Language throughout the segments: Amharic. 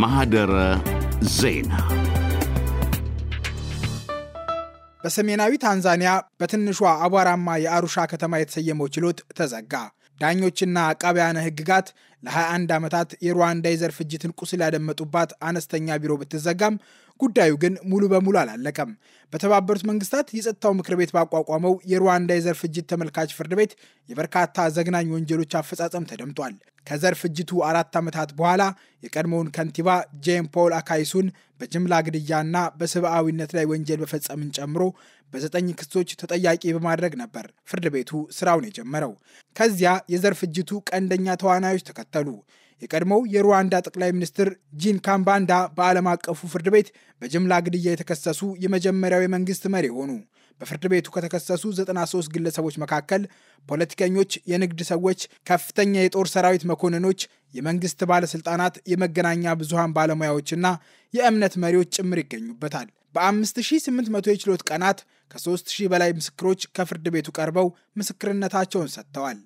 ማህደረ ዜና በሰሜናዊ ታንዛኒያ በትንሿ አቧራማ የአሩሻ ከተማ የተሰየመው ችሎት ተዘጋ። ዳኞችና አቃቢያነ ሕግጋት ለ21 ዓመታት የሩዋንዳ የዘር ፍጅትን ቁስል ያደመጡባት አነስተኛ ቢሮ ብትዘጋም ጉዳዩ ግን ሙሉ በሙሉ አላለቀም። በተባበሩት መንግስታት የጸጥታው ምክር ቤት ባቋቋመው የሩዋንዳ የዘር ፍጅት ተመልካች ፍርድ ቤት የበርካታ ዘግናኝ ወንጀሎች አፈጻጸም ተደምጧል። ከዘር ፍጅቱ አራት ዓመታት በኋላ የቀድሞውን ከንቲባ ጄን ፖል አካይሱን በጅምላ ግድያና በሰብአዊነት ላይ ወንጀል በፈጸምን ጨምሮ በዘጠኝ ክሶች ተጠያቂ በማድረግ ነበር ፍርድ ቤቱ ስራውን የጀመረው። ከዚያ የዘር ፍጅቱ ቀንደኛ ተዋናዮች ተከተሉ። የቀድሞው የሩዋንዳ ጠቅላይ ሚኒስትር ጂን ካምባንዳ በዓለም አቀፉ ፍርድ ቤት በጅምላ ግድያ የተከሰሱ የመጀመሪያው የመንግስት መሪ ሆኑ። በፍርድ ቤቱ ከተከሰሱ 93 ግለሰቦች መካከል ፖለቲከኞች፣ የንግድ ሰዎች፣ ከፍተኛ የጦር ሰራዊት መኮንኖች፣ የመንግስት ባለስልጣናት፣ የመገናኛ ብዙሃን ባለሙያዎችና የእምነት መሪዎች ጭምር ይገኙበታል። በ5800 የችሎት ቀናት ከ3000 በላይ ምስክሮች ከፍርድ ቤቱ ቀርበው ምስክርነታቸውን ሰጥተዋል።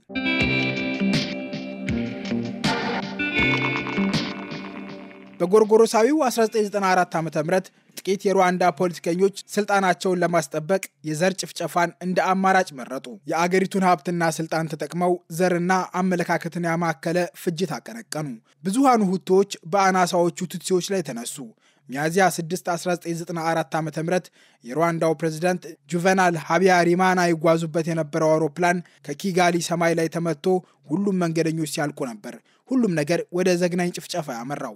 በጎርጎሮሳዊው 1994 ዓ ም ጥቂት የሩዋንዳ ፖለቲከኞች ስልጣናቸውን ለማስጠበቅ የዘር ጭፍጨፋን እንደ አማራጭ መረጡ። የአገሪቱን ሀብትና ስልጣን ተጠቅመው ዘርና አመለካከትን ያማከለ ፍጅት አቀነቀኑ። ብዙሃኑ ሁቶዎች በአናሳዎቹ ቱትሲዎች ላይ ተነሱ። ሚያዚያ 6 1994 ዓ ም የሩዋንዳው ፕሬዝዳንት ጁቨናል ሪማና ይጓዙበት የነበረው አውሮፕላን ከኪጋሊ ሰማይ ላይ ተመቶ ሁሉም መንገደኞች ሲያልቁ ነበር። ሁሉም ነገር ወደ ዘግናኝ ጭፍጨፋ ያመራው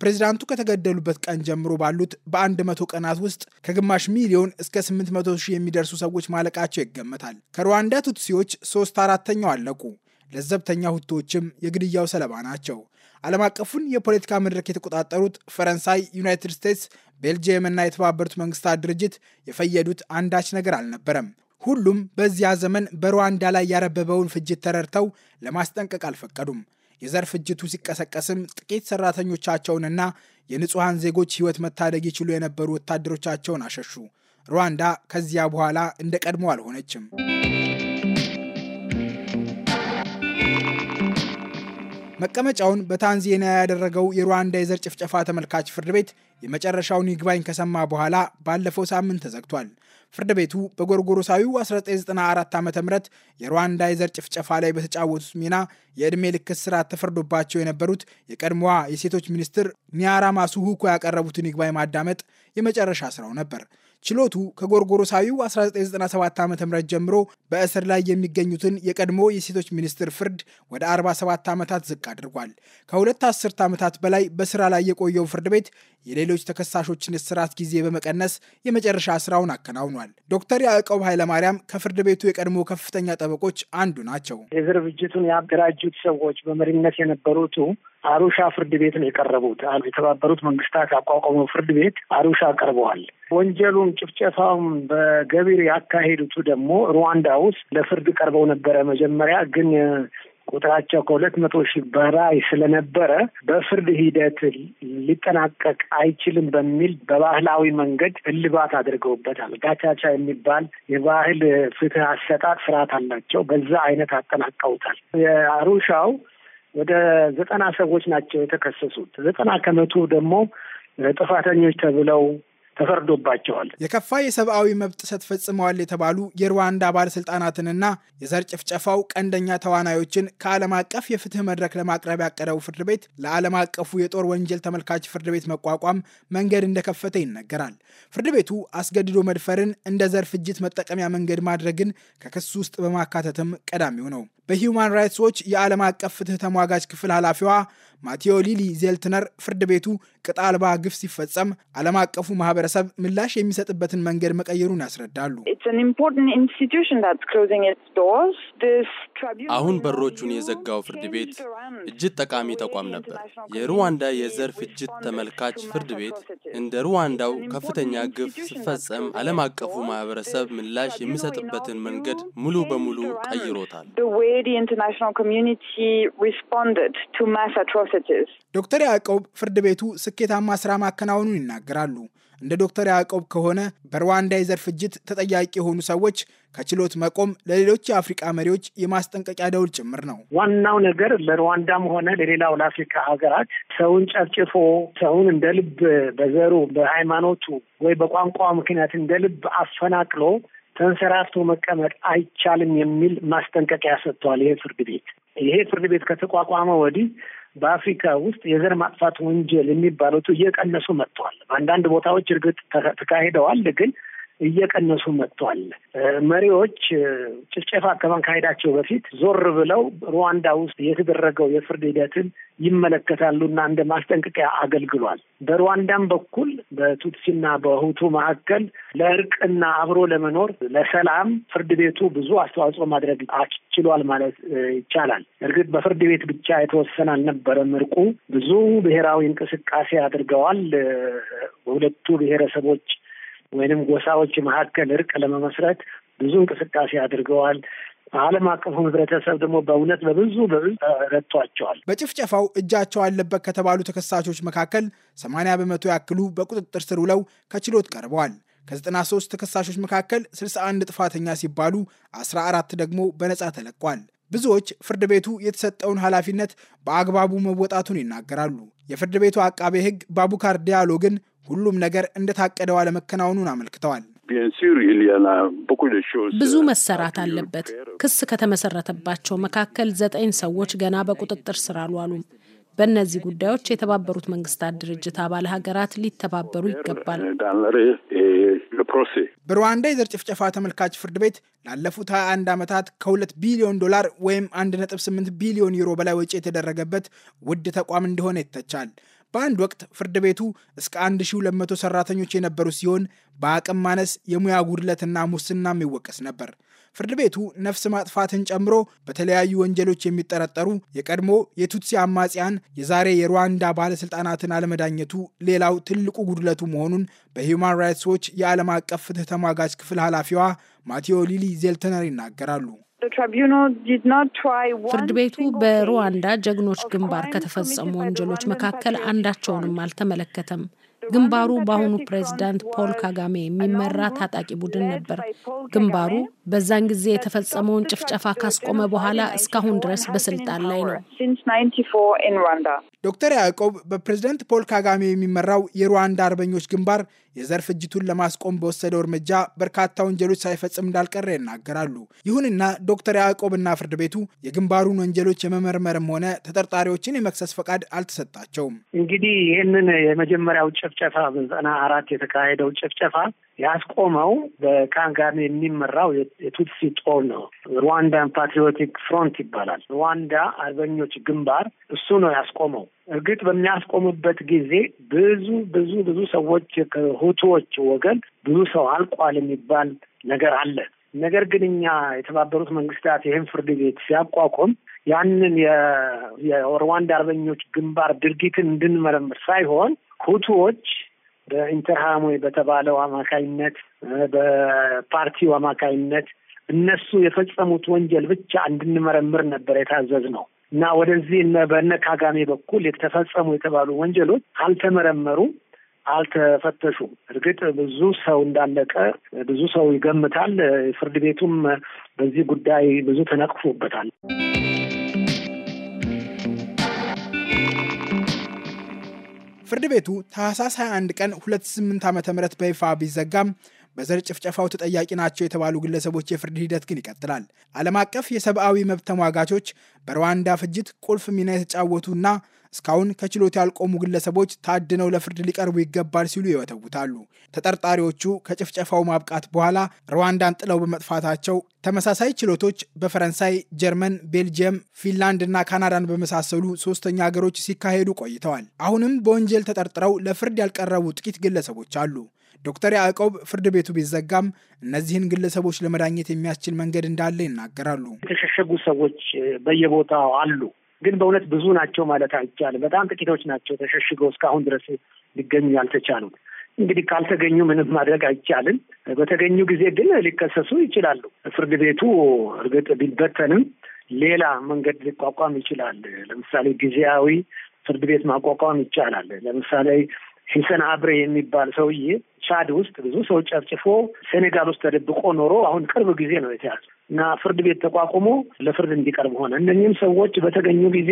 ፕሬዚዳንቱ ከተገደሉበት ቀን ጀምሮ ባሉት በአንድ መቶ ቀናት ውስጥ ከግማሽ ሚሊዮን እስከ 800 ሺህ የሚደርሱ ሰዎች ማለቃቸው ይገመታል። ከሩዋንዳ ቱትሲዎች ሶስት አራተኛው አለቁ። ለዘብተኛ ሁቶችም የግድያው ሰለባ ናቸው። ዓለም አቀፉን የፖለቲካ መድረክ የተቆጣጠሩት ፈረንሳይ፣ ዩናይትድ ስቴትስ፣ ቤልጅየም እና የተባበሩት መንግስታት ድርጅት የፈየዱት አንዳች ነገር አልነበረም። ሁሉም በዚያ ዘመን በሩዋንዳ ላይ ያረበበውን ፍጅት ተረድተው ለማስጠንቀቅ አልፈቀዱም። የዘር ፍጅቱ ሲቀሰቀስም ጥቂት ሰራተኞቻቸውንና የንጹሐን ዜጎች ህይወት መታደግ ይችሉ የነበሩ ወታደሮቻቸውን አሸሹ። ሩዋንዳ ከዚያ በኋላ እንደ ቀድሞ አልሆነችም። መቀመጫውን በታንዛኒያ ያደረገው የሩዋንዳ የዘር ጭፍጨፋ ተመልካች ፍርድ ቤት የመጨረሻውን ይግባኝ ከሰማ በኋላ ባለፈው ሳምንት ተዘግቷል። ፍርድ ቤቱ በጎርጎሮሳዊው 1994 ዓ ም የሩዋንዳ የዘር ጭፍጨፋ ላይ በተጫወቱት ሚና የዕድሜ ልክ እስራት ተፈርዶባቸው የነበሩት የቀድሞዋ የሴቶች ሚኒስትር ኒያራማ ሱሁኮ ያቀረቡትን ይግባኝ ማዳመጥ የመጨረሻ ስራው ነበር። ችሎቱ ከጎርጎሮሳዊው 1997 ዓ ም ጀምሮ በእስር ላይ የሚገኙትን የቀድሞ የሴቶች ሚኒስትር ፍርድ ወደ 47 ዓመታት ዝቅ አድርጓል። ከሁለት አስርት ዓመታት በላይ በስራ ላይ የቆየው ፍርድ ቤት የሌሎች ተከሳሾችን እስራት ጊዜ በመቀነስ የመጨረሻ ስራውን አከናውኗል። ዶክተር ያዕቆብ ኃይለማርያም ከፍርድ ቤቱ የቀድሞ ከፍተኛ ጠበቆች አንዱ ናቸው። የዝር ብጅቱን ያደራጁት ሰዎች በመሪነት የነበሩቱ አሩሻ ፍርድ ቤት ነው የቀረቡት። የተባበሩት መንግስታት ያቋቋመው ፍርድ ቤት አሩሻ ቀርበዋል። ወንጀሉን ጭፍጨፋውም በገቢር ያካሄዱቱ ደግሞ ሩዋንዳ ውስጥ ለፍርድ ቀርበው ነበረ። መጀመሪያ ግን ቁጥራቸው ከሁለት መቶ ሺህ በላይ ስለነበረ በፍርድ ሂደት ሊጠናቀቅ አይችልም በሚል በባህላዊ መንገድ እልባት አድርገውበታል። ጋቻቻ የሚባል የባህል ፍትህ አሰጣጥ ስርዓት አላቸው። በዛ አይነት አጠናቀውታል። የአሩሻው ወደ ዘጠና ሰዎች ናቸው የተከሰሱት። ዘጠና ከመቶ ደግሞ ጥፋተኞች ተብለው ተፈርዶባቸዋል። የከፋ የሰብአዊ መብት ጥሰት ፈጽመዋል የተባሉ የሩዋንዳ ባለስልጣናትንና የዘር ጭፍጨፋው ቀንደኛ ተዋናዮችን ከዓለም አቀፍ የፍትህ መድረክ ለማቅረብ ያቀረቡ ፍርድ ቤት ለዓለም አቀፉ የጦር ወንጀል ተመልካች ፍርድ ቤት መቋቋም መንገድ እንደከፈተ ይነገራል። ፍርድ ቤቱ አስገድዶ መድፈርን እንደ ዘር ፍጅት መጠቀሚያ መንገድ ማድረግን ከክሱ ውስጥ በማካተትም ቀዳሚው ነው። በሂውማን ራይትስ ዎች የዓለም አቀፍ ፍትህ ተሟጋጅ ክፍል ኃላፊዋ ማቴዎ ሊሊ ዜልትነር ፍርድ ቤቱ ቅጥ አልባ ግፍ ሲፈጸም ዓለም አቀፉ ማህበረሰብ ምላሽ የሚሰጥበትን መንገድ መቀየሩን ያስረዳሉ። አሁን በሮቹን የዘጋው ፍርድ ቤት እጅግ ጠቃሚ ተቋም ነበር። የሩዋንዳ የዘር ፍጅት ተመልካች ፍርድ ቤት እንደ ሩዋንዳው ከፍተኛ ግፍ ሲፈጸም ዓለም አቀፉ ማህበረሰብ ምላሽ የሚሰጥበትን መንገድ ሙሉ በሙሉ ቀይሮታል። ዶክተር ያዕቆብ ፍርድ ቤቱ ስኬታማ ስራ ማከናወኑን ይናገራሉ። እንደ ዶክተር ያዕቆብ ከሆነ በሩዋንዳ የዘር ፍጅት ተጠያቂ የሆኑ ሰዎች ከችሎት መቆም ለሌሎች የአፍሪቃ መሪዎች የማስጠንቀቂያ ደውል ጭምር ነው። ዋናው ነገር ለሩዋንዳም ሆነ ለሌላው ለአፍሪካ ሀገራት ሰውን ጨፍጭፎ ሰውን እንደ ልብ በዘሩ፣ በሃይማኖቱ ወይ በቋንቋ ምክንያት እንደ ልብ አፈናቅሎ ተንሰራፍቶ መቀመጥ አይቻልም የሚል ማስጠንቀቂያ ሰጥቷል ይሄ ፍርድ ቤት። ይሄ ፍርድ ቤት ከተቋቋመ ወዲህ በአፍሪካ ውስጥ የዘር ማጥፋት ወንጀል የሚባሉት እየቀነሱ መጥተዋል። አንዳንድ ቦታዎች እርግጥ ተካሂደዋል፣ ግን እየቀነሱ መጥቷል። መሪዎች ጭፍጨፋ ከመካሄዳቸው በፊት ዞር ብለው ሩዋንዳ ውስጥ የተደረገው የፍርድ ሂደትን ይመለከታሉ እና እንደ ማስጠንቀቂያ አገልግሏል። በሩዋንዳም በኩል በቱትሲና በሁቱ መካከል ለእርቅና አብሮ ለመኖር ለሰላም ፍርድ ቤቱ ብዙ አስተዋጽኦ ማድረግ አችሏል ማለት ይቻላል። እርግጥ በፍርድ ቤት ብቻ የተወሰነ አልነበረም። እርቁ ብዙ ብሔራዊ እንቅስቃሴ አድርገዋል። በሁለቱ ብሔረሰቦች ወይንም ጎሳዎች መካከል እርቅ ለመመስረት ብዙ እንቅስቃሴ አድርገዋል። ዓለም አቀፉ ህብረተሰብ ደግሞ በእውነት በብዙ በብዙ ረድቷቸዋል። በጭፍጨፋው እጃቸው አለበት ከተባሉ ተከሳሾች መካከል 80 በመቶ ያክሉ በቁጥጥር ስር ውለው ከችሎት ቀርበዋል። ከ93 ተከሳሾች መካከል 61 ጥፋተኛ ሲባሉ 14 ደግሞ በነፃ ተለቋል። ብዙዎች ፍርድ ቤቱ የተሰጠውን ኃላፊነት በአግባቡ መወጣቱን ይናገራሉ። የፍርድ ቤቱ አቃቤ ሕግ ባቡካር ዲያሎ ግን ሁሉም ነገር እንደታቀደው አለመከናወኑን አመልክተዋል። ብዙ መሰራት አለበት። ክስ ከተመሰረተባቸው መካከል ዘጠኝ ሰዎች ገና በቁጥጥር ስር አልዋሉም። በእነዚህ ጉዳዮች የተባበሩት መንግስታት ድርጅት አባል ሀገራት ሊተባበሩ ይገባል። በሩዋንዳ የዘር ጭፍጨፋ ተመልካች ፍርድ ቤት ላለፉት 21 ዓመታት ከ2 ቢሊዮን ዶላር ወይም 1.8 ቢሊዮን ዩሮ በላይ ወጪ የተደረገበት ውድ ተቋም እንደሆነ ይተቻል። በአንድ ወቅት ፍርድ ቤቱ እስከ 1200 ሰራተኞች የነበሩ ሲሆን በአቅም ማነስ የሙያ ጉድለትና ሙስና የሚወቀስ ነበር። ፍርድ ቤቱ ነፍስ ማጥፋትን ጨምሮ በተለያዩ ወንጀሎች የሚጠረጠሩ የቀድሞ የቱትሲ አማጽያን የዛሬ የሩዋንዳ ባለስልጣናትን አለመዳኘቱ ሌላው ትልቁ ጉድለቱ መሆኑን በሂውማን ራይትስ ዎች የዓለም አቀፍ ፍትህ ተሟጋች ክፍል ኃላፊዋ ማቴዎ ሊሊ ዜልተነር ይናገራሉ። ፍርድ ቤቱ በሩዋንዳ ጀግኖች ግንባር ከተፈጸሙ ወንጀሎች መካከል አንዳቸውንም አልተመለከተም። ግንባሩ በአሁኑ ፕሬዚዳንት ፖል ካጋሜ የሚመራ ታጣቂ ቡድን ነበር። ግንባሩ በዛን ጊዜ የተፈጸመውን ጭፍጨፋ ካስቆመ በኋላ እስካሁን ድረስ በስልጣን ላይ ነው። ዶክተር ያዕቆብ በፕሬዝደንት ፖል ካጋሜ የሚመራው የሩዋንዳ አርበኞች ግንባር የዘር ፍጅቱን ለማስቆም በወሰደው እርምጃ በርካታ ወንጀሎች ሳይፈጽም እንዳልቀረ ይናገራሉ። ይሁንና ዶክተር ያዕቆብና ፍርድ ቤቱ የግንባሩን ወንጀሎች የመመርመርም ሆነ ተጠርጣሪዎችን የመክሰስ ፈቃድ አልተሰጣቸውም። እንግዲህ ይህንን የመጀመሪያው ጭፍጨፋ በዘጠና አራት የተካሄደው ጭፍጨፋ ያስቆመው በካጋሜ የሚመራው የቱትሲ ጦር ነው። ሩዋንዳን ፓትሪዮቲክ ፍሮንት ይባላል። ሩዋንዳ አርበኞች ግንባር እሱ ነው ያስቆመው። እርግጥ በሚያስቆምበት ጊዜ ብዙ ብዙ ብዙ ሰዎች ከሁቱዎች ወገን ብዙ ሰው አልቋል የሚባል ነገር አለ። ነገር ግን እኛ የተባበሩት መንግስታት ይህን ፍርድ ቤት ሲያቋቁም ያንን የሩዋንዳ አርበኞች ግንባር ድርጊትን እንድንመረምር ሳይሆን ሁቱዎች በኢንተርሃሞይ በተባለው አማካኝነት በፓርቲው አማካኝነት እነሱ የፈጸሙት ወንጀል ብቻ እንድንመረምር ነበር የታዘዝ ነው እና ወደዚህ በነ ካጋሜ በኩል የተፈጸሙ የተባሉ ወንጀሎች አልተመረመሩም፣ አልተፈተሹም። እርግጥ ብዙ ሰው እንዳለቀ ብዙ ሰው ይገምታል። ፍርድ ቤቱም በዚህ ጉዳይ ብዙ ተነቅፎበታል። ፍርድ ቤቱ ታህሳስ 21 ቀን 28 ዓ ም በይፋ ቢዘጋም በዘር ጭፍጨፋው ተጠያቂ ናቸው የተባሉ ግለሰቦች የፍርድ ሂደት ግን ይቀጥላል። ዓለም አቀፍ የሰብአዊ መብት ተሟጋቾች በሩዋንዳ ፍጅት ቁልፍ ሚና የተጫወቱና እስካሁን ከችሎት ያልቆሙ ግለሰቦች ታድነው ለፍርድ ሊቀርቡ ይገባል ሲሉ ይወተውታሉ። ተጠርጣሪዎቹ ከጭፍጨፋው ማብቃት በኋላ ሩዋንዳን ጥለው በመጥፋታቸው ተመሳሳይ ችሎቶች በፈረንሳይ፣ ጀርመን፣ ቤልጅየም፣ ፊንላንድ እና ካናዳን በመሳሰሉ ሶስተኛ ሀገሮች ሲካሄዱ ቆይተዋል። አሁንም በወንጀል ተጠርጥረው ለፍርድ ያልቀረቡ ጥቂት ግለሰቦች አሉ። ዶክተር ያዕቆብ ፍርድ ቤቱ ቢዘጋም እነዚህን ግለሰቦች ለመዳኘት የሚያስችል መንገድ እንዳለ ይናገራሉ። የተሸሸጉ ሰዎች በየቦታው አሉ። ግን በእውነት ብዙ ናቸው ማለት አይቻልም። በጣም ጥቂቶች ናቸው ተሸሽገው እስካሁን ድረስ ሊገኙ ያልተቻሉት። እንግዲህ ካልተገኙ ምንም ማድረግ አይቻልም። በተገኙ ጊዜ ግን ሊከሰሱ ይችላሉ። ፍርድ ቤቱ እርግጥ ቢበተንም ሌላ መንገድ ሊቋቋም ይችላል። ለምሳሌ ጊዜያዊ ፍርድ ቤት ማቋቋም ይቻላል። ለምሳሌ ሂሰን አብሬ የሚባል ሰውዬ ቻድ ውስጥ ብዙ ሰው ጨፍጭፎ ሴኔጋል ውስጥ ተደብቆ ኖሮ አሁን ቅርብ ጊዜ ነው የተያዘው። እና ፍርድ ቤት ተቋቁሞ ለፍርድ እንዲቀርብ ሆነ። እነዚህም ሰዎች በተገኙ ጊዜ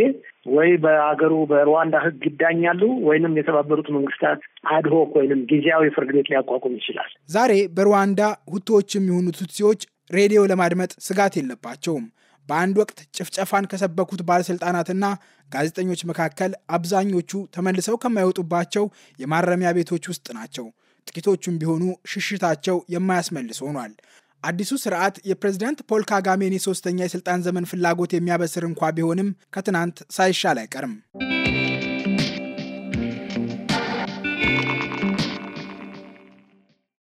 ወይ በአገሩ በሩዋንዳ ሕግ ይዳኛሉ ወይንም የተባበሩት መንግስታት አድሆክ ወይንም ጊዜያዊ ፍርድ ቤት ሊያቋቁም ይችላል። ዛሬ በሩዋንዳ ሁቶዎች የሚሆኑ ቱትሲዎች ሬዲዮ ለማድመጥ ስጋት የለባቸውም። በአንድ ወቅት ጭፍጨፋን ከሰበኩት ባለሥልጣናትና ጋዜጠኞች መካከል አብዛኞቹ ተመልሰው ከማይወጡባቸው የማረሚያ ቤቶች ውስጥ ናቸው። ጥቂቶቹም ቢሆኑ ሽሽታቸው የማያስመልስ ሆኗል። አዲሱ ስርዓት የፕሬዝዳንት ፖል ካጋሜን የሶስተኛ የስልጣን ዘመን ፍላጎት የሚያበስር እንኳ ቢሆንም ከትናንት ሳይሻል አይቀርም።